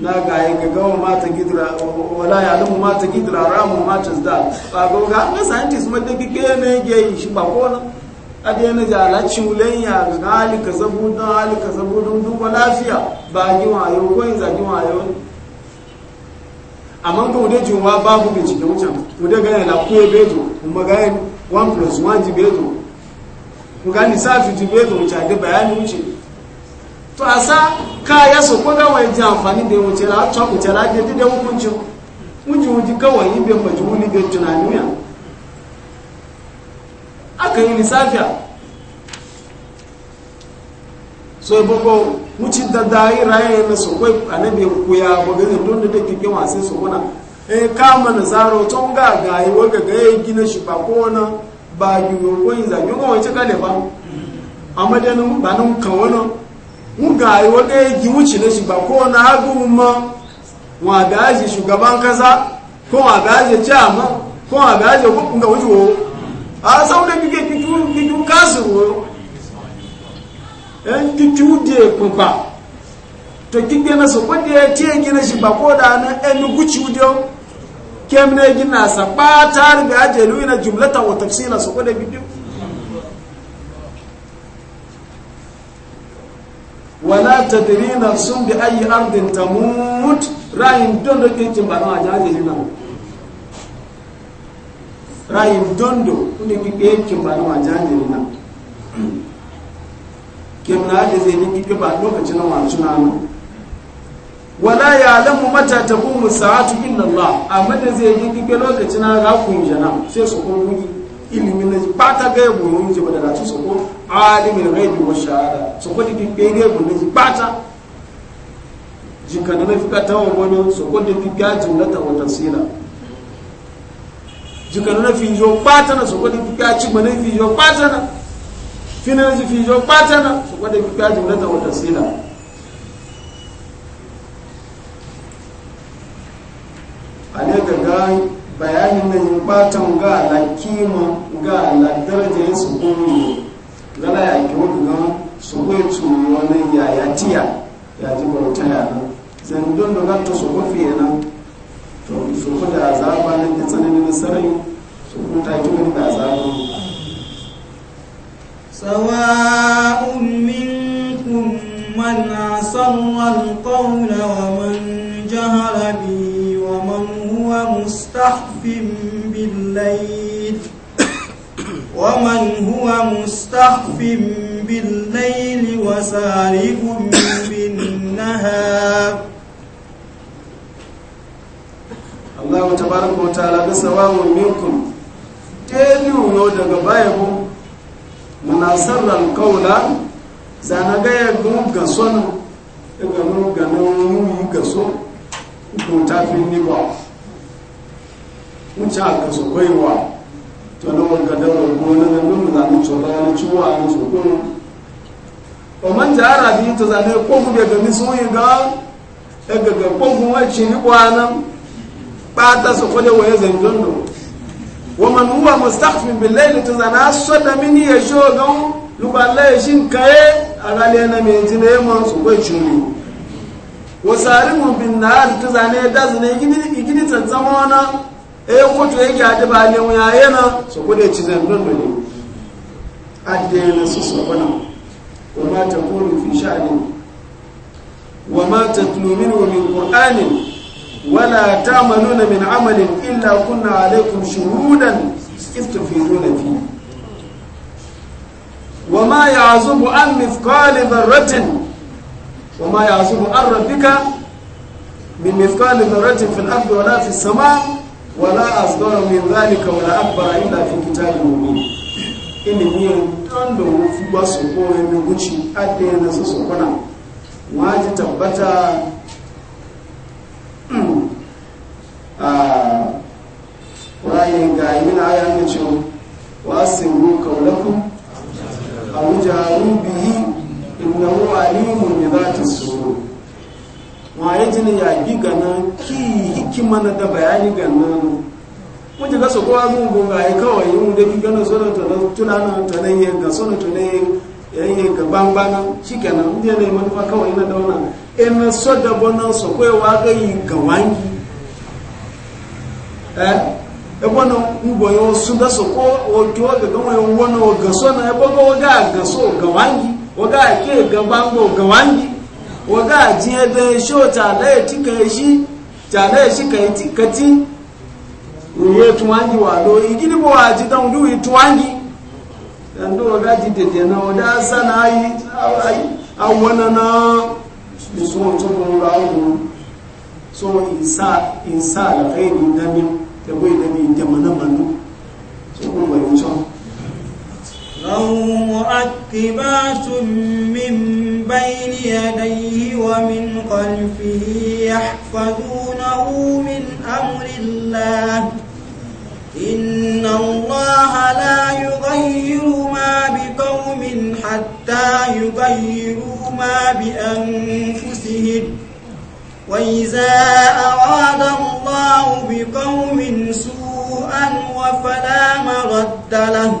na ga yi gama mata gidra wala ya lumu mata gidra ramu mata zda ba ga ga na scientist ma da kike ne ge yi shi ba ko a ade na ja la chulen ya ga hali ka zabu da hali ka zabu dun dun lafiya ba gi wa yo ko in za gi wa yo amma ga ude juma babu bincike wucin ude ga na ku bejo kuma ga 1 plus 1 ji bejo ku ga ni safi ji bejo wucin da bayani wucin to a sa kaya su kwaga wani ji amfani da wuce la ta wuce la da dida hukuncin wuji wuji kawai yi bai maji wuni bai tunani ya aka yi lissafiya so yi bako wuci da dayi raye na su kwai a na bai kuya ba ga zai don da ta kike wasu su kuna eh kama na zaro tun ga ga yi wa ga ya gina shi ba ko wani ba yi ko yin zagi ko wani cika ne ba amma dai ba nan kan wani mugaye wanda ya gimuci na shi ba ko na hagu ma wa gaje shugaban kaza ko wa gaje chama ko wa gaje kunga wujo a sau da bige bitu bitu kasu wo en bitu de kupa to kige na so kwade ya tie gina shi ba ko da na en guci wudo kem ne gina sa ba tar bi ajelu ina jumlata wa tafsila so kwade bitu wala na sun bi ayi ardin mut rayin dondo kincin ba na jaje ni nan rayin dondo kuni ki kincin ba na jaje ni nan kim na ake zai ni ki ba lokacin na wancu na nan wala alamu mata ta kuma sa'atu inna Allah amma da zai yi ki lokacin na ga jana sai su kun ilimin na ba ta gaya burin ji ba da lati su ko alimin gaibi wa shahada su ko didi pe gaya burin ji ba ta jikana na fika ta wani su ko didi ga jimlata wa tafsila jikana na fijo ba ta na su ko didi ga cigba na fijo ba ta na finan ji fijo ba ta na su ko didi ga jimlata wa tafsila a ne gaggawa bayanin na yin batan ga ala kima ga ala darajar su kuma lala ya ke wani gan su kai tsoro wani yaya tiya ya ji bauta ya nan zan don da gata su kofi ya nan to su ku da azaba nan tsanani na sarari su ku ta ki wani da azaba sawa'un minkum man asarra alqawla wa man jahara مستخف بالليل ومن هو مستخف بالليل وسارق بالنهار Allah tabaraka wa ta'ala ga sawawun minkum tediyu no daga bayabu munasarran kaula zana ga ya gun ga son daga mun ga nan ga so ko ta ni ba wuce a kaso kwaiwa to na wangada rogo na nan nun da ni to da ni ciwa ni o man jara bi to da ko gube ga mi so yi ga e ga ko mu wa ci ni kwana ba ta so ko waye zan dondo wa man huwa mustaghfin bil layl to da na so ya sho lu ba la shin kaye ala le na me ci ni wa sarimu bin da gidi ya eh, mutu yake haji ba yana su kudai cizan dundu ne a daina su sabana wama ta kuru fi sha ne wama ta tunomin omin wala ta manuna min amalin illa kuna alaikun shirudan istifiru na fi wama ya zubu an mifkali barratin wama ya zubu an rafika min mifkali barratin fil abdu wala fi samaa wala asgara min zalika wala akbara illa fi kitabin mubin ilimi don da wufi ba su koyi min wuce adena su su kuna waji tabbata a rayin ga yi na aya ne ce wa asiru kaulakum aw jaru bihi innahu alimun bi waye jini ya gi ganin ki hikima na da bayani ganin mun ji gasa kowa mun gunga ai kawai mun da na sona so da tunanin tunanin yin ga so da tunanin yin ga bambana shikenan mun je ne manufa kawai na da wannan in so da bonan so koyi wa ga yi ga wangi eh e bona ngbo yo su da so ko o to ga ga wani wona ga so na e bogo ga ga so ga wangi o ga ke ga bango ga wangi waga ajiye bai sho talaye ti ka shi talaye shi ka ti ka ti ruwe tuwangi wa lo igini bo aji dan duwi tuwangi dan do waga ji tete na wada sana ayi ayi awana na musu to bo ra o so insa insa la khairi dami da boy dami jamana manu so ko wa yuso أو مؤكبات من بين يديه ومن خلفه يحفظونه من أمر الله إن الله لا يغير ما بقوم حتى يغيروا ما بأنفسهم وإذا أراد الله بقوم سوءا وفلا مرد له